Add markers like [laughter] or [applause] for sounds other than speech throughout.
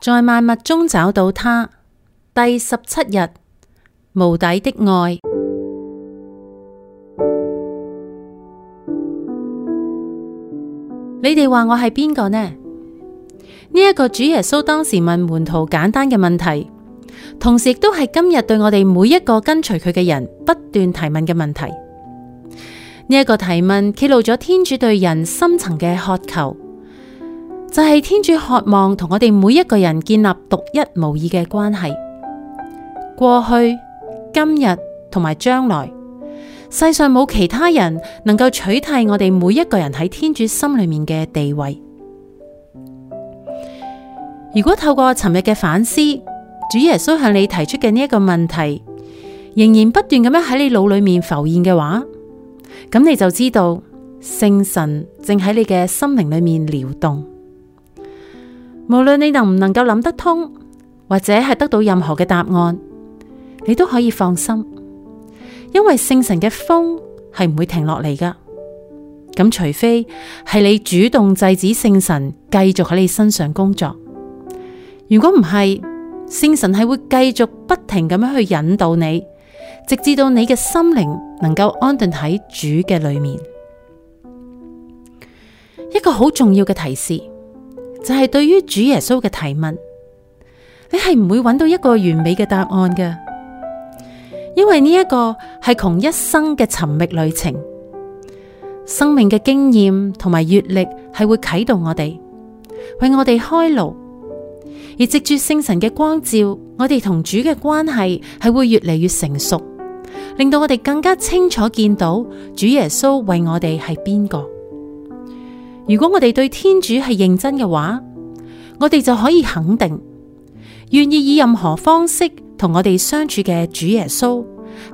在萬物中找到他，第十七日無底的愛。 [music] 你哋話我係邊個呢？呢、這、一個主耶穌當時問門徒簡單嘅問題，同時亦都係今日對我哋每一個跟隨佢嘅人不斷提問嘅問題。呢、這、一個提問揭露咗天主對人深層嘅渴求。就係天主渴望同我哋每一個人建立獨一無二嘅關係。過去、今日同埋將來，世上冇其他人能夠取代我哋每一個人喺天主心裏面嘅地位。如果透過尋日嘅反思，主耶穌向你提出嘅呢一個問題，仍然不斷咁樣喺你腦裏面浮現嘅話，咁你就知道聖神正喺你嘅心靈裏面撩動。無論你能唔能夠諗得通，或者係得到任何嘅答案，你都可以放心，因為聖神嘅風係唔會停落嚟噶咁除非係你主動制止聖神繼續喺你身上工作，如果唔係，聖神係會繼續不停咁樣去引導你，直至到你嘅心靈能夠安頓喺主嘅裏面。一個好重要嘅提示。但係對於主耶穌嘅提問，你係唔會揾到一個完美嘅答案嘅，因為呢一個係窮一生嘅尋覓旅程。生命嘅經驗同埋閱歷係會啟導我哋，為我哋開路，而藉住聖神嘅光照，我哋同主嘅關係係會越嚟越成熟，令到我哋更加清楚見到主耶穌為我哋係邊個。如果我哋對天主係認真嘅話，我哋就可以肯定，願意以任何方式同我哋相處嘅主耶穌，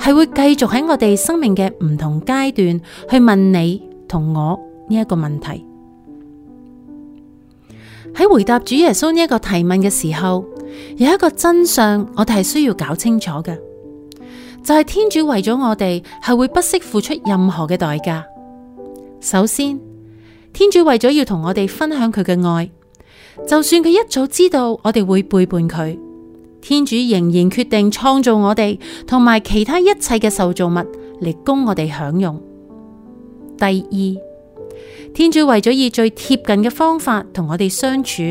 係會繼續喺我哋生命嘅唔同階段去問你同我呢一個問題。喺回答主耶穌呢一個提問嘅時候，有一個真相我哋係需要搞清楚嘅，就係天主為咗我哋係會不惜付出任何嘅代價。首先。天主為咗要同我哋分享佢嘅愛，就算佢一早知道我哋會背叛佢，天主仍然決定創造我哋同埋其他一切嘅受造物嚟供我哋享用。第二，天主為咗以最貼近嘅方法同我哋相處，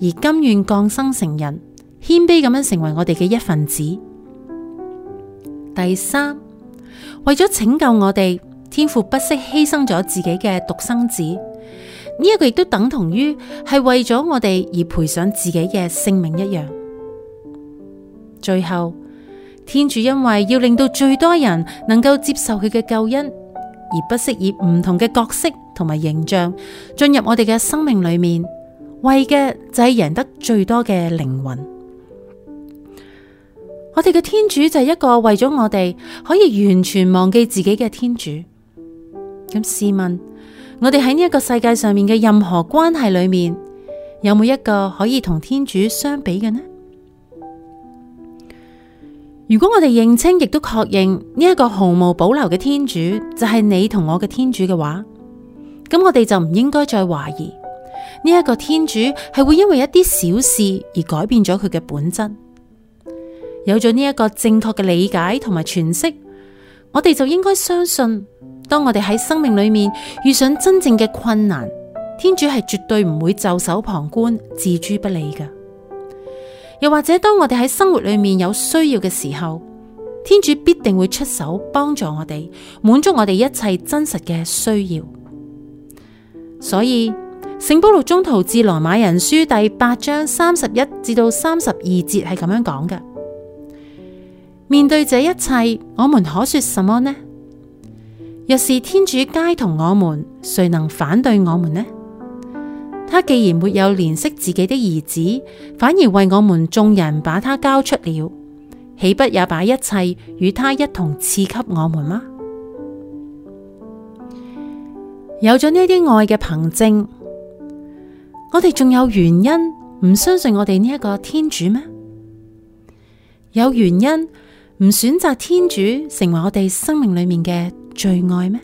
而甘願降生成人，謙卑咁樣成為我哋嘅一份子。第三，為咗拯救我哋，天父不惜犧牲咗自己嘅獨生子。呢一個亦都等同於係為咗我哋而賠上自己嘅性命一樣。最後，天主因為要令到最多人能夠接受佢嘅救恩，而不惜以唔同嘅角色同埋形象進入我哋嘅生命裏面，為嘅就係贏得最多嘅靈魂。我哋嘅天主就係一個為咗我哋可以完全忘記自己嘅天主。咁試問，我哋喺呢一個世界上面嘅任何關係裏面，有冇一個可以同天主相比嘅呢？如果我哋認清，亦都確認呢一個毫無保留嘅天主就係你同我嘅天主嘅話，咁我哋就唔應該再懷疑呢一個天主係會因為一啲小事而改變咗佢嘅本質。有咗呢一個正確嘅理解同埋詮釋，我哋就應該相信。當我哋喺生命裏面遇上真正嘅困難，天主係絕對唔會袖手旁觀、置諸不理嘅。又或者當我哋喺生活裏面有需要嘅時候，天主必定會出手幫助我哋，滿足我哋一切真實嘅需要。所以聖保祿宗徒致羅馬人書第八章三十一至到三十二節係咁樣講嘅。面對這一切，我們可說什麼呢？若是天主偕同我們，誰能反對我們呢？他既然沒有憐惜自己的兒子，反而為我們眾人把他交出了，豈不也把一切與他一同賜給我們嗎？有咗呢啲愛嘅憑證，我哋仲有原因唔相信我哋呢一個天主咩？有原因唔選擇天主成為我哋生命裏面嘅最愛咩？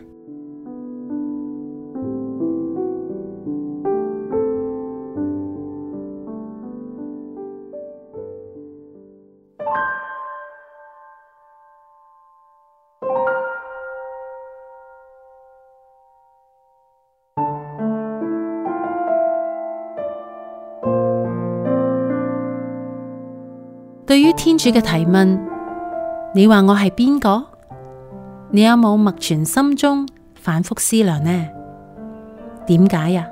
對於天主嘅提問，你話我係邊個？你有冇默存心中，反覆思量呢？點解呀？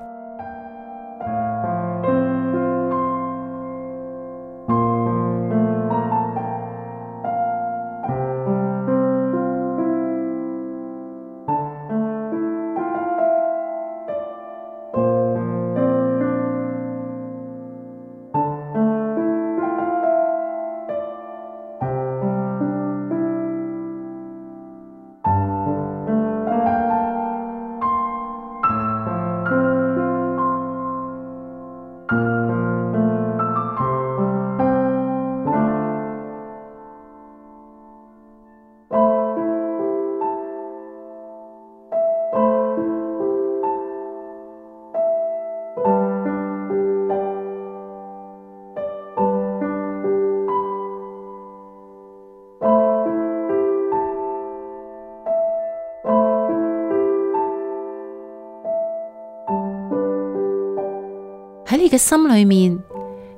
喺你嘅心裏面，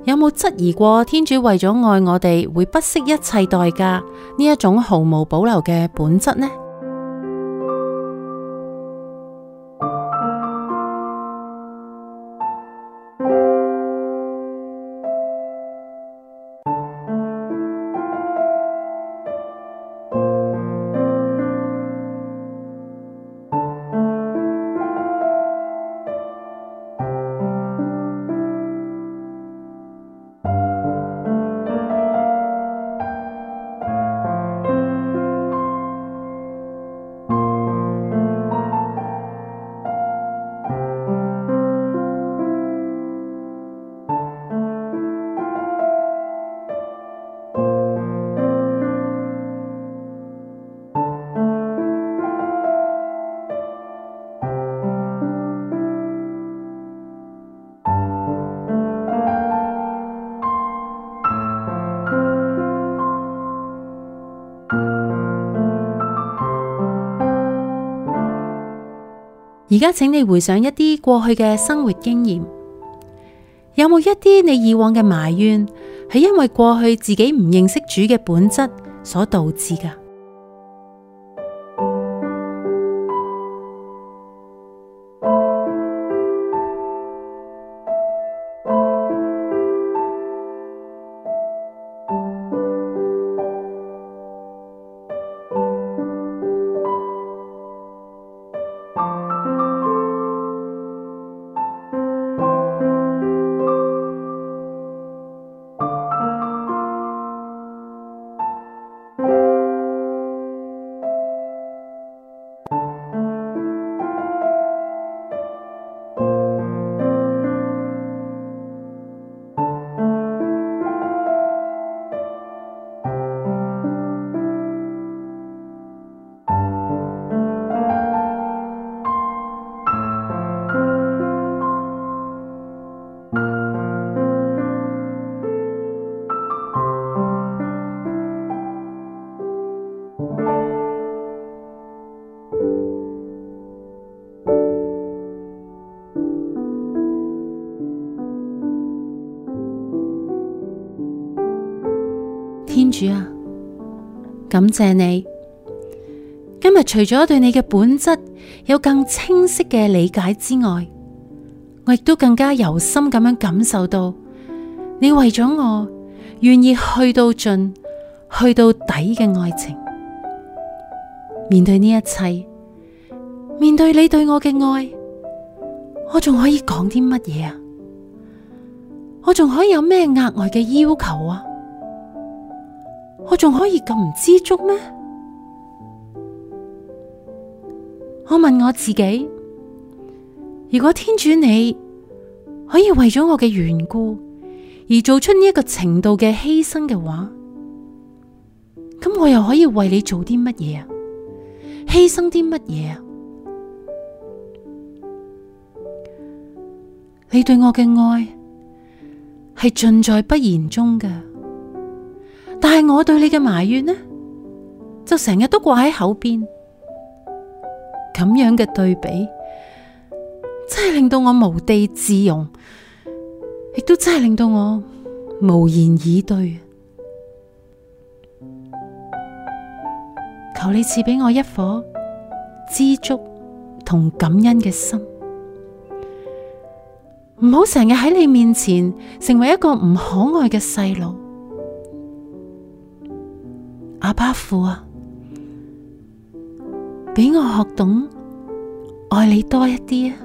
有冇質疑過天主為咗愛我哋會不惜一切代價呢一種毫無保留嘅本質呢？而家請你回想一啲過去嘅生活經驗，有冇一啲你以往嘅埋怨，係因為過去自己唔認識主嘅本質所導致㗎？主啊，感謝你！今日除咗對你嘅本質有更清晰嘅理解之外，我亦都更加由心咁樣感受到你為咗我願意去到盡、去到底嘅愛情。面對呢一切，面對你對我嘅愛，我仲可以講啲乜嘢啊？我仲可以有咩額外嘅要求啊？我仲可以咁唔知足咩？我問我自己：如果天主你可以為咗我嘅緣故而做出呢一個程度嘅犧牲嘅話，咁我又可以為你做啲乜嘢啊？犧牲啲乜嘢啊？你對我嘅愛係盡在不言中嘅。但係我對你嘅埋怨呢，就成日都掛喺口邊，咁樣嘅對比，真係令到我無地自容，亦都真係令到我無言以對。求你賜俾我一顆知足同感恩嘅心，唔好成日喺你面前成為一個唔可愛嘅細路。阿爸父啊，俾我學懂愛你多一啲啊！